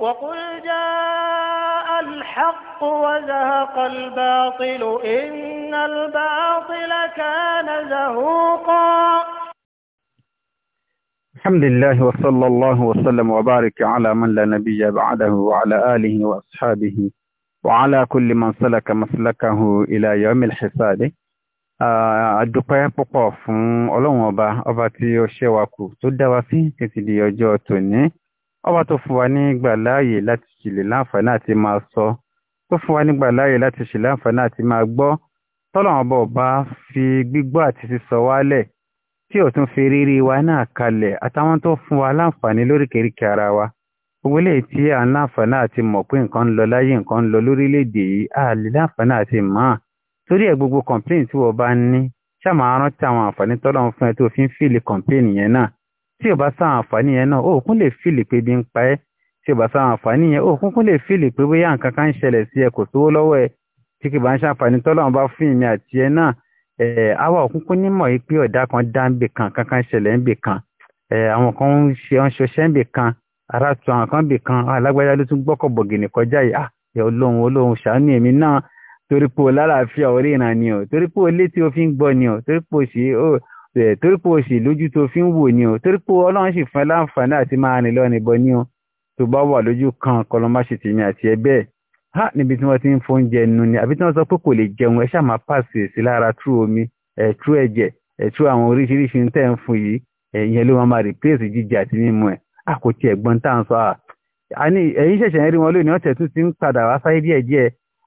وقل جاء الحق وزهق الباطل إن الباطل كان زهوقا الحمد لله وصلى الله وسلم وبارك على من لا نبي بعده وعلى آله وأصحابه وعلى كل من سلك مسلكه إلى يوم الحساب àdúpẹ́ púpọ̀ fún ọlọ́run ọba ọba tí ó ṣẹ́wàkù tó dá wa sí títí di ọjọ́ ọba tó fún wa ní gbà láàyè láti ṣìlè láǹfààní àti máa sọ tó fún wa ní gbà láàyè láti ṣìlè láǹfààní àti máa gbọ́ tọ́lọ́wọ́n bọ̀ bá fi gbígbọ́ àti sísọ wálẹ̀ tí ò tún fi rírí wa náà kalẹ̀ àtàwọn tó fún wa láǹfààní lóríkèríkè ara wa gbogbo eléyìí tí à ń láǹfààní àti mọ̀ pé nǹkan ń lọ láyé nǹkan ń lọ lórílẹ̀‐èdè yìí à lè láǹfààní àti mọ̀ ọ́n torí ẹ̀ gbogbo kọ̀ǹpléìn tí wọ́n bá ń ní ṣáà rántí àwọn àǹfààní tọ́lọ́run fún ẹ tó fi ń fìlì kọ̀ǹpléìn yẹn náà tí ò bá sáwọn àǹfààní yẹn náà òkun lè fìlì pé bí ń pa ẹ́ tí ò bá sáwọn àǹfààní yẹn òkun kún lè fìlì pé bóyá nǹkan kan ń ṣẹlẹ̀ sí ẹ kò sówó lọ́wọ́ ẹ tí kì bá ń ṣàǹfààní tọ́lọ́run bá fún ìmí àti ẹ náà àwa òkun kún nímọ̀ yìí pé ọ̀dà kan dá ń bè kan kankan ṣẹlẹ̀ ń bè kan àwọn kan ń ṣe ń ṣoṣẹ́ ń bè kan ara tu àwọn kan bè kan alágbájá ló tún gbọ́kọ̀ bọ̀gìnì kọjá ah, ni o torí pé o létí o fi ń gbọ́ ni o ẹ̀ torí pé o sì lójú tó fi ń wò ni o torí ọlọ́run sì fún ẹ láǹfààní àti máa rìn lọ́ni bọ ni o tó bá wà lójú kan kọlọmáṣe tèmi àti ẹ bẹ́ẹ̀ ha níbi tí wọ́n ti ń fóúnjẹ nu ni àbí tí wọ́n sọ pé kò lè jẹun ẹ ṣáà máa pàṣẹ e sí lára tú omi ẹ̀ tú ẹ̀jẹ̀ ẹ̀ tú àwọn oríṣiríṣi tẹ̀ ń fún yìí ẹ̀yìn ló máa rìpéèsì jíjẹ àti mímu ẹ̀ a kò tiẹ̀ gbọ́n tá à ń sọ à ẹ̀yìn ṣẹ̀ṣẹ̀ rí wọn lónìí ọ̀tẹ̀ tún ti ń padà wá sáyé díẹ̀díẹ̀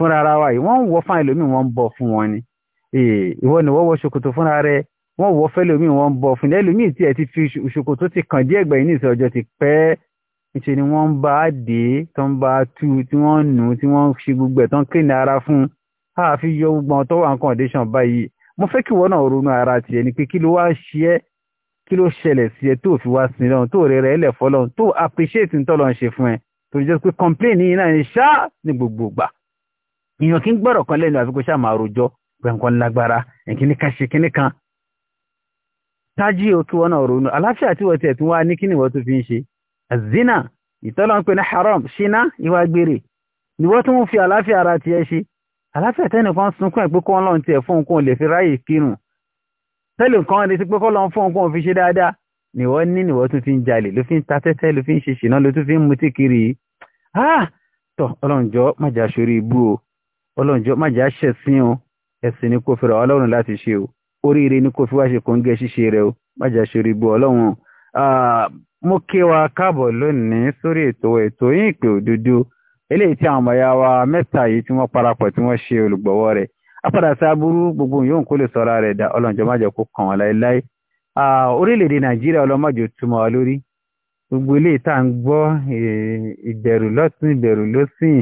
fúnra ara wa yìí wọ́n ń wọ fún ẹlòmíì wọ́n ń bọ̀ fún wọn ni ìwọ ni wọ́n wọ ṣòkòtò fúnra rẹ wọ́n wọ fẹ́lòmíì wọ́n ń bọ̀ fún ẹlòmíì tí ẹ ti fi ṣòkòtò ti kàn díẹ̀ gbẹ̀yìn ní ìsọjọ́ ti pẹ́ ṣe ni wọ́n ń bá a dé tó ń bá a tú tí wọ́n ń nù tí wọ́n ń ṣe gbogbo ẹ̀ tó ń kéènì ara fún àfi yọ gbogbo àwọn tó wà ní condition báyìí mo fẹ́ kí wọ́n náà ronú ara appreciate ń tọ́lọ́run ṣe fún ẹ torí jẹ́ pé complain yìí náà ni ṣáá ní gbogbo ìgbà èèyàn kí ń gbọ́rọ̀ kan lẹ́nu àfikún sáà máa rojọ́ gbẹ̀ǹkan lágbára ẹ̀kíní kan ṣe kíní kan tájí o kí wọ́n náà ronú aláfíà tí wọ́n tẹ̀ tún wá ní kíní wọ́n tún fi ń ṣe azina ìtọ́lọ́ ń pè ní haram ṣínà ìwà gbére ni wọ́n tún fi aláfíà ara tiẹ̀ ṣe aláfíà tẹ́nìkan sunkún ẹ̀ pé kọ́ ọlọ́run tiẹ̀ fún nǹkan lè fi ráyè kírun tẹ́lẹ̀ nǹkan retí pé kọ́ ọlọ́run fún nǹkan fi ni wọ́n ni wọ́n tún fi ń jalè ló fi ń ta tẹ́tẹ́ ló kiri yìí ah tọ́ ọlọ́run jọ ọlọ́njọ́ má jẹ́ àṣẹ̀sìn o ẹ̀sìn ni kò fẹ́ra ọlọ́run láti ṣe o oríire ni kò fi wá ṣe kòńgẹ́ ṣíṣe rẹ o má jẹ́ àṣírí bu ọlọ́run mo kí wa káàbọ̀ lónìí sórí ètò ètò yín ìpè òdodo eléyìí tí àwọn ọmọọyá wa mẹ́ta yìí tí wọ́n parapọ̀ tí wọ́n ṣe olùgbọ̀wọ́ rẹ̀ apàdà sí aburú gbogbo yóò kó lè sọ́ra rẹ̀ dá ọlọ́njọ́ má jẹ́ kó kàn wọ́n láéláé orílẹ̀-èdè nàìjíríà ọlọ́mọdé túmọ̀ wa lórí gbogbo eléyìí tá à ń gbọ́ ìbẹ̀rù lọ́tún ìbẹ̀rù lọ́sìn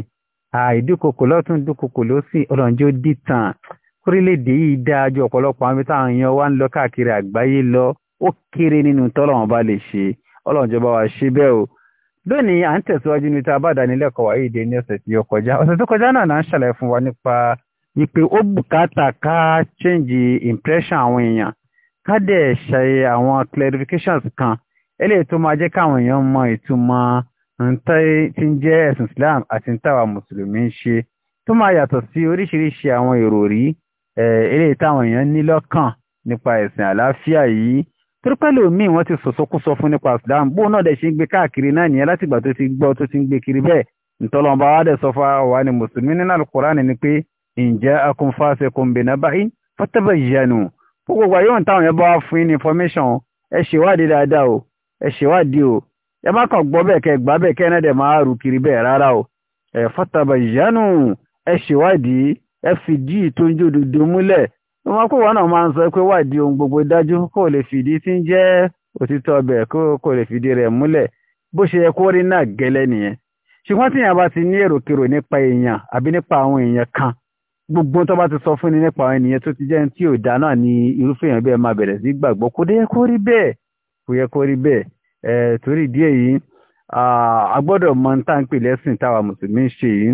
àìdúkokò lọ́tún dúkokò ló sì ọlọ́njọ́ dìtàn orílẹ̀-èdè yìí dáa ju ọ̀pọ̀lọpọ̀ àwọn ibi táwọn èèyàn wa ń lọ káàkiri àgbáyé lọ ó kéré nínú tọ́lọ́wọ́n bá lè ṣe ọlọ́njọ́ bá wa ṣe bẹ́ẹ̀ o lónìí à ń tẹ̀síwájú níbi tá a bá dánilẹ́kọ̀ọ́ wáyé ìdè ní ọ̀sẹ̀ tí ó kọjá ọ̀sẹ̀ tó kọjá náà náà ń ṣàlàyé fún wa nípa wípé ó bùkátà ká change impression àwọn èèyàn ká dẹ̀ ṣe àwọn clarifications kan eléyìí tó máa jẹ́ káwọn èèyàn mọ ìtumọ̀ tí ń jẹ́ ẹ̀sìn Islam àti táwa mùsùlùmí ń ṣe tó máa yàtọ̀ sí oríṣiríṣi àwọn ìròrí eléyìí táwọn èèyàn ní lọ́kàn nípa ẹ̀sìn àlàáfíà yìí torípẹ́lú míì wọ́n ti sọ̀sọ́kúsọ fún nípa Islam bóun náà dẹ̀ ṣe ń gbé káàkiri náà nìyẹn látìgbà tó ti gbọ́ tó ti ń gbé kiri bẹ́ẹ̀ ntọ́lọ́mọba wa dẹ̀ sọ fún wa ni mùsùlùmí nínú Al-Qur'ani ni pé ǹjẹ́ akúnfàṣẹ kùnbìnà báyìí fọ́tẹ́bẹ̀ ìyanu gbogbo àyọ̀ǹtàwọn yẹn bá wá fún yín ní information ẹ ṣèwádìí dáadáa o ẹ ṣèwádìí o ẹ má kàn gbọ́ bẹ́ẹ̀ kẹ gbà bẹ́ẹ̀ kẹ́ ẹ̀nà dẹ̀ máa rù kiri bẹ́ẹ̀ rárá o ẹ fataba ìyanu ẹ ṣèwádìí ẹ fìdí tó ń jòdòdò múlẹ̀ wọn kó wọn náà máa ń sọ ohun gbogbo dájú kó lè fìdí tí ń jẹ́ òtítọ́ ọbẹ̀ kó lè fìdí rẹ̀ múlẹ̀ bó ṣe yẹ kó rí náà nìyẹn ṣùgbọ́n bá ti ní nípa èèyàn àbí nípa àwọn èèyàn kan gbogbo tó bá ti sọ fún ni nípa àwọn ènìyàn tó ti jẹ́ tí ò dá náà irúfẹ́ èèyàn bẹ́ẹ̀ máa torí díẹ̀ yìí a gbọ́dọ̀ mọ ní táǹpì lẹ́sìn táwa mùsùlùmí ń ṣe yìí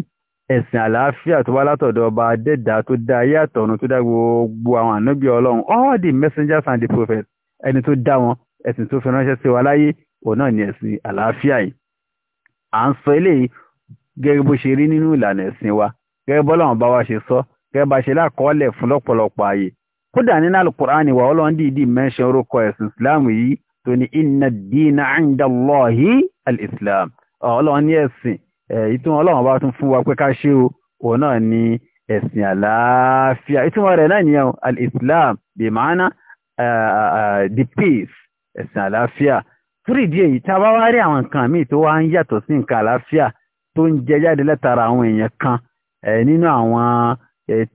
ẹ̀sìn àlàáfíà tó wá látọ̀dọ̀ ọba adẹ́dàá tó dá ayé àtọ̀run tó dá gbogbo àwọn ànábì ọlọ́run all the messengers and the prophets ẹni tó dá wọn ẹ̀sìn tó fi ránṣẹ́ sí wa láyé òun náà ni ẹ̀sìn àlàáfíà yìí à ń sọ eléyìí gẹ́gẹ́ bó ṣe rí nínú ìlànà ẹ̀sìn wa gẹ́gẹ́ bọ́lọ́run bá wa ṣe sọ gẹ́gẹ́ bá ṣe lákọọ́lẹ̀ fún lọ́pọ̀lọpọ̀ ààyè kódà nínú àlùkùránì wa ọlọ́run dìídì mẹ́ṣẹ́ orúkọ ẹ̀sìn Islam yìí tó ní inna ad-dina 'inda Allahi al-Islam ọlọ́run ní ẹ̀sìn ìtumọ̀ ọlọ́run bá tún fún wa pé ká ṣe o òun náà ní ẹ̀sìn àlàáfíà ìtumọ̀ rẹ̀ náà nìyẹn al-Islam bí màánà the peace ẹ̀sìn àlàáfíà torí ìdí èyí tá a bá wá rí àwọn nǹkan míì tó wá ń yàtọ̀ sí nǹkan àlàáfíà tó ń jẹ jáde látara àwọn èèyàn kan nínú àwọn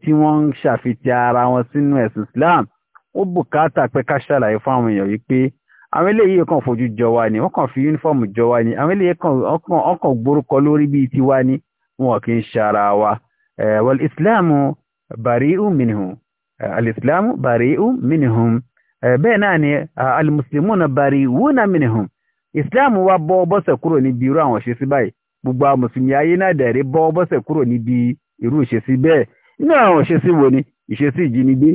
tí wọ́n ń ṣàfitì ara wọn sínú ẹ̀sìn Islam ó bùkátà pé ká ṣàlàyé fún àwọn èèyàn yìí pé àwọn eléyìí kan fojú jọ wa ni wọ́n kàn fi yúnífọ́ọ̀mù jọ wa ni àwọn eléyìí kan ọkàn gbórúkọ lórí bíi ti ni wọn kì í ṣara wa wal islamu bari'un minhum al islamu bari'un minhum bẹ́ẹ̀ náà ni al muslimuna bari'una minhum Islamu wa bọ́ bọ́sẹ̀ kúrò níbi irú àwọn ṣe sí báyìí gbogbo àwọn mùsùlùmí ayé náà dẹ̀rẹ̀ bọ́ bọ́sẹ̀ kúrò níbi irú ìṣesí bẹ́ẹ̀ inú àwọn ìṣesí wo ni ìṣesí ìjínigbé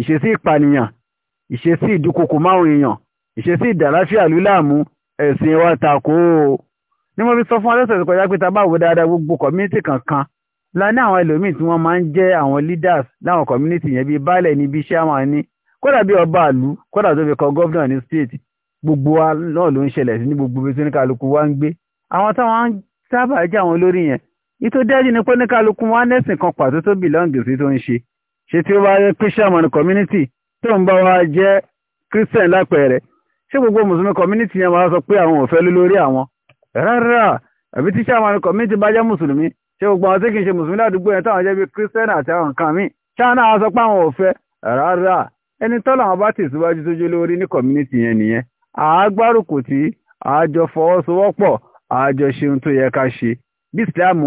ìṣesí ìpànìyàn ìṣesí ìdúkokò máwọn èèyàn ìṣesí ìdàláfíà ló láàmú ẹ̀sìn wa tako o ní mo fi sọ fún ọlọ́sẹ̀ tó pé tábà wo dáadáa gbogbo community kankan la ní àwọn ẹlòmíì tí wọ́n máa ń jẹ́ àwọn leaders láwọn community yẹn bíi baálẹ̀ ní bíi chairman ní kódà bíi ọba àlú kódà tó fi kọ gọ́vnà ní state gbogbo wa náà ló ń ṣẹlẹ̀ sí ní gbogbo ibi tí oníkàlùkù wa ń gbé àwọn táwọn sábà jẹ́ àwọn olórí yẹn ìtò dẹ́jú ni pé oníkàlùkù wa nẹ́sìn kan pàtó tó belong sí tó ń ṣe community tó ń bá wa ṣé gbogbo mùsùlùmí community yẹn sọ pé àwọn ò fẹ́ lé lórí àwọn rárá àbí tí sáwọn community bá jẹ́ mùsùlùmí ṣé gbogbo àwọn tí kì í ṣe mùsùlùmí ládùúgbò yẹn táwọn jẹ́ sọ pé àwọn ò fẹ́ rárá ẹni tọ́lọ̀ àwọn bá tì síwájú tó lórí ní community yẹn nìyẹn àágbárùkù tí àjọ fọwọ́sowọ́pọ̀ àjọ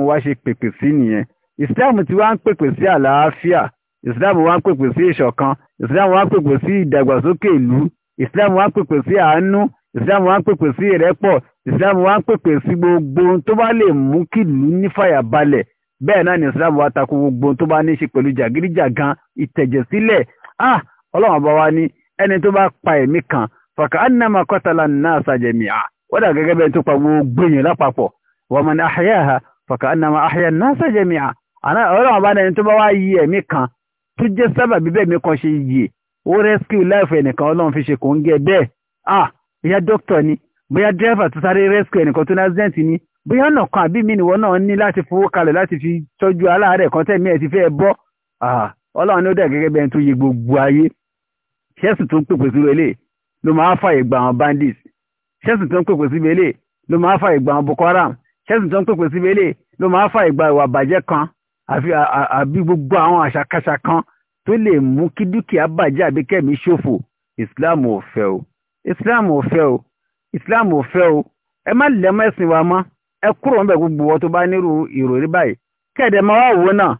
wa ṣe pèpè sí nìyẹn islam tí wá ń pèpè sí àlàáfíà islam wá ń pèpè sí ìṣọ̀kan islam wá pèpè sí àánú islam wá pèpè sí ìrẹ́pọ̀ islam wá pèpè sí gbogbo ohun tó bá lè mú kìlú ní fàyàbalẹ̀ bẹ́ẹ̀ náà ni islam wá tako gbogbo ohun tó bá ní í ṣe pẹ̀lú jàgídíjàgan ìtẹ̀jẹ̀ ah ọlọ́run bá wa ní ẹni tó bá pa ẹ̀mí kan fàkà annama kọ́tàlá náà sàjẹ̀mí à ah! ó dà gẹ́gẹ́ bẹ́ẹ̀ tó pa gbogbo èèyàn lápapọ̀ wọ́n mọ̀ ní àhẹ́yà ha fàkà annama àhẹ́yà náà sàjẹ̀mí à ah! ọlọ́run bá ní ẹni tó bá wá ó rescue life ẹnìkan ọlọ́run fi ṣe kò ń gẹ bẹ́ẹ̀ ah bóyá doctor ni bóyá driver tó sáré rescue ẹnìkan tó ní accident ni bóyá ọ̀nà kan àbí mi nìwọ náà ní láti fowó kalẹ̀ láti fi tọ́jú aláàárẹ̀ kan tẹ̀mí ẹ̀ ti fẹ́ bọ́ ọlọ́run ló dẹ̀ gẹ́gẹ́ bẹ́ẹ̀ tó yẹ gbogbo ayé ṣẹ́sì tó ń pèpè sí wẹ́lẹ̀ ló máa fààyè gba àwọn bandits ṣẹ́sì tó ń pèpè sí wẹ́lẹ̀ ló máa fààyè gba àwọn boko haram ṣẹ́sì tó ń pèpè sí wẹ́lẹ̀ ló máa fààyè gba ìwà àbàjẹ́ kan àbí gbogbo àwọn àṣàkáṣà kan tó lè mú kí dúkìá bàjẹ́ àbí ṣòfò islam ò fẹ́ o islam ò fẹ́ o islam ò fẹ́ o ẹ má lẹ̀ mọ́ ẹ̀sìn wa mọ́ ẹ kúrò ń bẹ̀ gbogbo ọ tó bá nírú ìròrí báyìí kẹ́ẹ̀dẹ̀ máa wá wò náà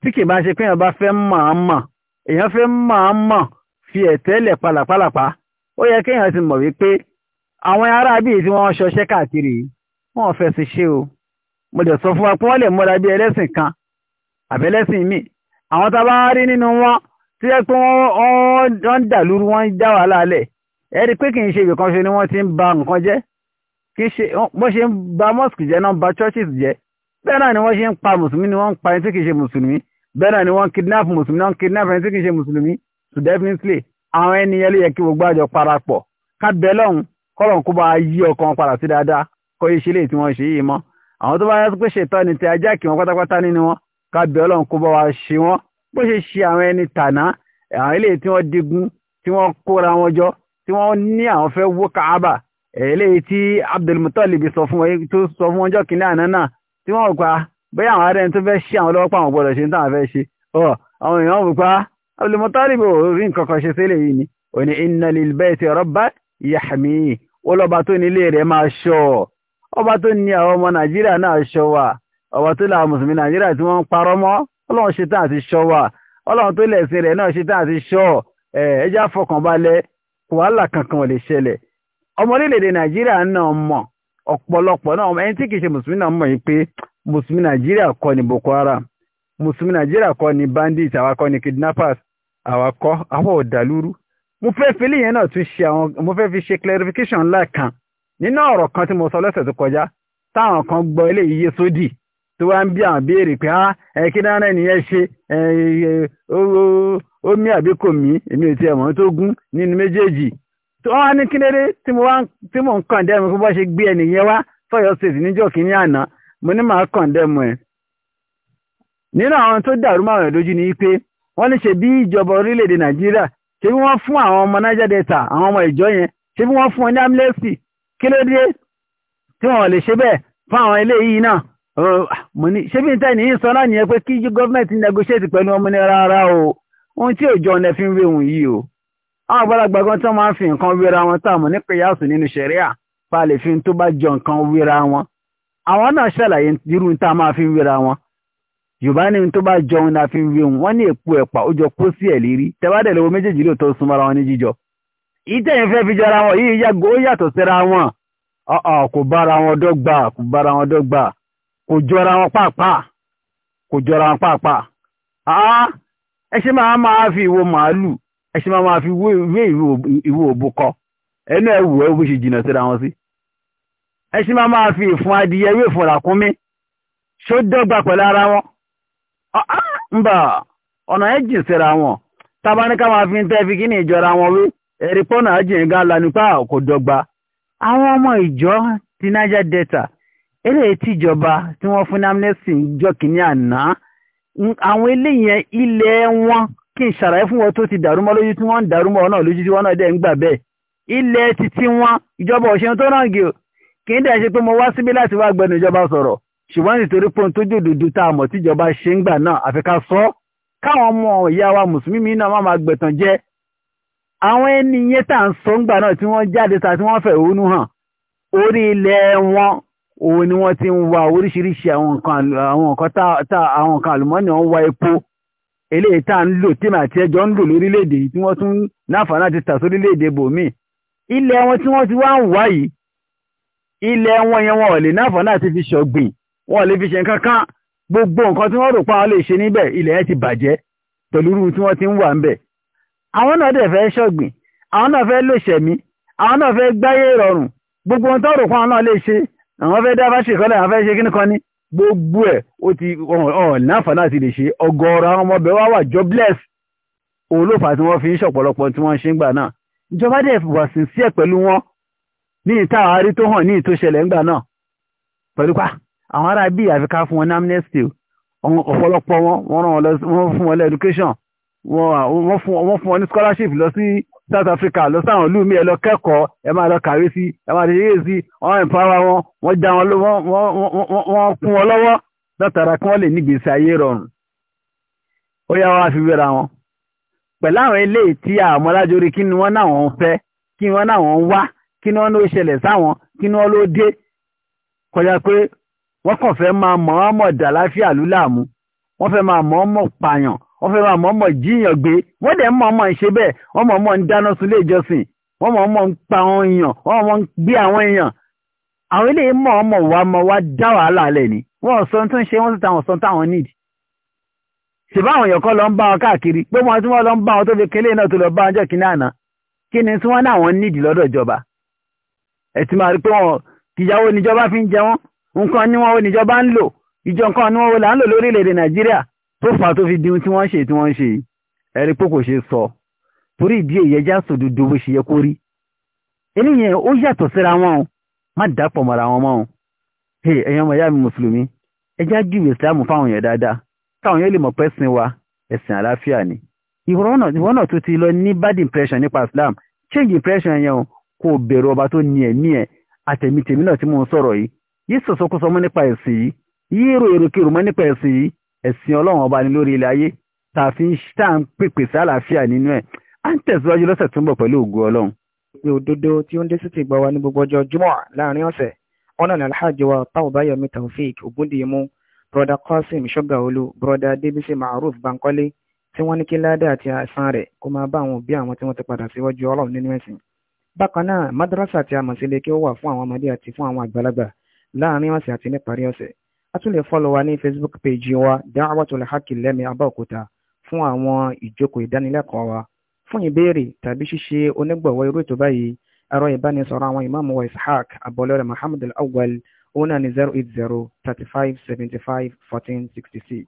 tí kì bá ṣe pé èèyàn bá fẹ́ máa mọ̀ èèyàn fẹ́ máa mọ̀ fi ẹ̀tẹ́lẹ̀ palàpalàpá ó yẹ kéèyàn ti mọ̀ wípé àwọn ará bíi tí wọ́n ṣọṣẹ́ káàkiri wọ́n fẹ́ sí ṣe o mo dẹ̀ sọ fún wa pé wọ́n lè múra bí ẹlẹ́sìn kan àbẹ́lẹ́sìn míì àwọn tábà rí nínú wọn tí ẹ pé wọ́n ń dàlúrú wọ́n ń já wà lálẹ̀ ẹ rí i pé kì í ṣe ibì kan ṣe ni wọ́n ti ń ba nǹkan jẹ́ kì í ṣe bó ṣe ń ba mosque jẹ́ náà ba churches jẹ́ bẹ́ẹ̀ náà ni wọ́n ṣe ń pa mùsùlùmí ni wọ́n ń pa ẹni tí kì í ṣe mùsùlùmí bẹ́ẹ̀ náà ni wọ́n kidnap mùsùlùmí náà kidnap ẹni tí kì í ṣe mùsùlùmí so definitely àwọn ènìyàn ló yẹ kí gbogbo àjọ parapọ̀ ká bẹ lọ́hùn kọ́lọ̀n kó bá yí ọkàn padà sí dáadáa kó yé ṣe kábí ọlọ́run kó bá wa ṣe wọ́n bó ṣe ṣe àwọn ẹni tàná àwọn eléyìí tí wọ́n digun tí wọ́n kóra wọn jọ tí wọ́n ní àwọn fẹ́ wó káábà eléyìí tí Abdulmutalib sọ fún wọn tó sọ fún ọjọ́ kìíní àná náà tí wọ́n pa bẹ́ẹ̀ àwọn arẹ́ni tó fẹ́ ṣe àwọn lọ́wọ́ pa àwọn gbọ́dọ̀ ṣe ní táwọn fẹ́ ṣe àwọn èèyàn wò pa ah, Abdulmutalib ò rí nǹkan kan ṣe sílẹ̀ ni ò ní inna lil bayti rabban yahmi ọ̀wọ́ tó làwọn mùsùlùmí nàìjíríà tí wọ́n ń parọ́ mọ́ ọlọ́run ṣe tán àti ṣọ́ wa ọlọ́run tó lẹ̀sìn rẹ̀ náà ṣe tán àti ṣọ́ ẹjá fọkànbalẹ̀ wàhálà kankan ò lè ṣẹlẹ̀ ọmọ orílẹ̀-èdè nàìjíríà náà mọ̀ ọ̀pọ̀lọpọ̀ náà ẹni tí kìí ṣe mùsùlùmí náà mọ̀ yìí pé mùsùlùmí nàìjíríà kọ́ ni boko haram mùsùlùmí nàìjíríà kọ́ ni bandits àwa kọ́ ni kidnappers àwa kọ́ àwa ò dàlúrú mo fẹ́ fi léyìn náà tún ṣe àwọn mo fẹ́ fi ṣe clarification ńlá kan nínú ọ̀rọ̀ kan tí mo sọ lọ́sẹ̀ tó kọjá táwọn kan gbọ́ eléyìí yé sódì tó wá ń bí àwọn béèrè pé ah ẹ kí náírà nìyẹn ṣe ó àbí kò mí èmi ò tiẹ̀ mọ̀ tó gún nínú méjèèjì tó wá ní kíndéré tí mò ń kàn dẹ́mu kó bá ṣe gbé ẹnìyẹn wá fọyọ́ a níjọ́ kínní àná mo ní màá kàn dẹ́mu ẹ̀. nínú àwọn tó dàrú máa rẹ̀ lójú ni wọ́n ní ṣe bí ìjọba orílẹ̀ wọ́n fún ní amnesty kí ló dé tí wọ́n lè ṣe bẹ́ẹ̀ fún àwọn eléyìí náà ṣébí tẹ́ ní sọ náà nìyẹn pé kí gọ́ọ̀mẹ̀ntì negotiate pẹ̀lú ọmọ ní rárá o ohun tí òjò ọ̀nà fi ń wé wọ̀nyí o àwọn àgbàlagbà gan tí wọ́n máa ń fi nǹkan wéra wọn táàmù ní pẹ̀yàsù nínú ṣẹ̀ríà pa lè fi tó bá jọ nǹkan wéra wọn àwọn náà ṣàlàyé irú tá a máa fi wéra wọn yorùbá ní tó bá jọ òun náà fi wé wọn wọ́n ní èpo ẹ̀pà ó jọ kó sí ẹ̀ lérí tẹ́wádẹ̀ lọ́wọ́ méjèèjì kò jọra wọn pàápàá kò jọra wọn pàápàá àá ẹ ṣe máa máa fi ìwo màálù ẹ ṣe máa máa fi wé ìwo òbú kọ ẹnu ẹ wù ẹ bó ṣe jìnnà síra wọn sí ẹ ṣe máa máa fi ìfun adìyẹ wé ìfun ràkúnmí ṣó dọ́gba pẹ̀lú ara wọn mbà ọ̀nà ẹ jìn síra wọn tábánikà máa fi ń tẹ́ fi kí ni ìjọra wọn wé ẹ̀rí pọ́nà ajìn gá lanipá kò dọ́gba àwọn ọmọ ìjọ ti Niger Delta eléyìí tíjọba tí wọ́n fún amnesty jọ kìíní àná àwọn eléyìí ilẹ̀ wọn kí n ṣàlàyé fún wọn tó ti dàrú mọ́ lójú tí wọ́n ń dàrú mọ́ náà lójú tí wọ́n náà dẹ̀ ń gbà bẹ́ẹ̀ ilẹ̀ títí wọn ìjọba ọ̀ṣẹ́ tó náà gè kì í dẹ̀ ṣe pé mo wá síbí láti wá gbẹnu ìjọba sọ̀rọ̀ ṣùgbọ́n nítorí pé ohun tó jòdòdó tá a mọ̀ tíjọba ṣe ń gbà náà àfi ká sọ káwọn ọmọ ìyá wa mùsùlùmí náà má máa gbẹ̀tàn jẹ́ àwọn ẹni yẹn tá à ń sọ ń gbà náà tí wọ́n jáde ta tí wọ́n fẹ̀hónú hàn orí ilẹ̀ wọn òun ni wọ́n ti ń wa oríṣiríṣi àwọn nǹkan àlùmọ́nì wọ́n wa epo eléyìí tá à ń lò tí màtí ẹjọ́ ń lò lórílẹ̀‐èdè yìí tí wọ́n tún láǹfààní àti tà sórílẹ̀‐èdè bòmí ilẹ̀ wọn tí wọ́n ti wá ń wá yìí ilẹ̀ wọn yẹn wọn ò lè láǹfààní àti fi ṣọ̀gbìn wọn ò lè fi ṣe nǹkan kan gbogbo nǹkan tí wọ́n rò pa wọn lè ṣe níbẹ̀ ilẹ̀ yẹn ti bàjẹ́ pẹ̀lú irú tí wọ́n ti ń wà ńbẹ̀ àwọn náà dẹ̀ fẹ́ ṣọ̀gbìn àwọn náà fẹ́ lòṣẹ̀mí àwọn náà fẹ́ gbáyé ìrọ̀rùn gbogbo ohun tó rò pa wọn náà lè ṣe àwọn fẹ́ dá bá ṣe kọ́lẹ̀ àwọn fẹ́ ṣe kíní kan ní gbogbo ẹ̀ ó ti ọ̀nàfà láti lè ṣe ọgọ́rọ̀ àwọn ọmọbẹ̀ wá wà jobless òun ló fà tí wọ́n fi ń ṣọ̀pọ̀lọpọ̀ tí wọ́n ṣe ń gbà náà ìjọba dẹ̀ wà sí sí ẹ̀ pẹ̀lú wọn ní ìta àárí tó hàn ní ìtòṣẹlẹ̀ ńgbà náà pẹ̀lú pa àwọn ará bíi àfikà fún wọn ní ọ̀pọ̀lọpọ̀ wọn education wọ́n fún wọn ní scholarship lọ sí South Africa lọ sáwọn ìlú mi ẹ lọ kẹ́kọ̀ọ́ ẹ máa lọ kàwé sí ẹ máa lè yé sí wọ́n empower wọn wọ́n já wọn wọ́n kún wọn lọ́wọ́ látara kí wọ́n lè ní gbèsè ayé rọrùn ó yá wọn á fi wéra wọn pẹ̀lú àwọn eléyìí tí àmọ́lájorí kí ni wọ́n náà wọ́n fẹ́ kí wọ́n náà wọ́n wá kí ni wọ́n ló ṣẹlẹ̀ sáwọn kí ni wọ́n ló dé kọjá pé wọ́n kàn fẹ́ máa mọ̀ ọ́n mọ̀ dà láfíà lúlàmú wọ́n fẹ́ máa mọ̀ ọ́n mọ̀ pààyàn wọ́n fẹ́ máa mọ̀ọ́mọ̀ jíyàn gbé wọ́n dẹ̀ mọ̀ọ́mọ̀ ń ṣe bẹ́ẹ̀ wọ́n mọ̀ọ́mọ̀ ń dáná sun ilé ìjọsìn wọ́n mọ̀ọ́mọ̀ ń pa àwọn èèyàn wọ́n mọ̀ọ́mọ̀ ń gbé àwọn èèyàn àwọn eléyìí mọ̀ọ́mọ̀ wá mọ̀ wá dá wàhálà lẹ̀ ni wọ́n sọ tó ń ṣe wọ́n sì táwọn sọ táwọn nídìí ṣùgbọ́n àwọn èèyàn kọ́ lọ ń bá wọn káàkiri pé wọ́n tí wọ́n lọ ń bá wọn tó fi kélé náà tó lọ bá wọn jọ́ kínní àná kí ni tó fà tó fi di ohun tí wọ́n ń ṣe tí wọ́n ń ṣe ẹ̀rí pé kò ṣe sọ torí ìdí èyí ẹjá sòdodo bó ṣe yẹ kó rí eléyìí ó yàtọ̀ síra wọn o má dàpọ̀ mọ́ra wọn mọ́ o ẹ̀yàn ọmọ ìyá mi mùsùlùmí ẹjá júwe ìsìlámù fáwọn yẹn dáadáa káwọn yẹn lè mọ̀ pé ẹ̀sìn wa ẹ̀sìn àlàáfíà ni ìwọ náà tó ti lọ ní bad impression nípa Islam change impression yẹn o kò bẹ̀rù ọba tó ní ẹ̀mí ẹ̀ àtẹ̀mítẹ̀mí náà tí mò ń sọ̀rọ̀ yìí yìí sọ̀sọ́kúsọ mọ́ nípa ẹ̀sìn yìí yìí èrò èrò kèrò mọ́ nípa ẹ̀sìn yìí ẹ̀sìn ọlọ́run ọba ni lórí ilẹ̀ ayé tààfi ń ṣá ń pèpè sí àlàáfíà nínú ẹ̀ à ń tẹ̀síwájú lọ́sẹ̀ tó ń bọ̀ pẹ̀lú ògo ọlọ́run. pé òdodo tí ó ń dé sí ti gbà wá ní gbogbo ọjọ́ júmọ̀ láàrin ọ̀sẹ̀ ọ̀nà ní alhaji wa Táwọ̀báyọ̀mí Taofik Ògúndìyẹmú broda Qasim Ṣọ́gàolú broda Débísí Maruf Bankole tí wọ́n ní kí ládà àti àìsàn rẹ̀ kó máa bá àwọn òbí àwọn tí wọ́n ti padà síwájú ọlọ́run nínú ẹ̀sìn. bákan náà madrasa àti amọ̀sílẹ̀ kí ó wà fún àwọn ọmọdé àti fún àwọn àgbàlagbà láàrin ọ̀sẹ̀ àti níparí ọ̀sẹ̀ a tún lè fọ́lọ̀ wa ní facebook page wa Da'watul Haqq lẹ́mí abẹ́òkúta fún àwọn ìjókòó ìdánilẹ́kọ̀ọ́ wa fún ìbéèrè tàbí ṣíṣe onígbọ̀wọ́ irú ètò báyìí ẹ̀rọ ìbánisọ̀rọ̀ àwọn ìmáàmù wa ishaq abọ́lẹ́rẹ̀ muhammed al-awwal òun náà ní zero eight zero thirty five seventy five fourteen sixty six.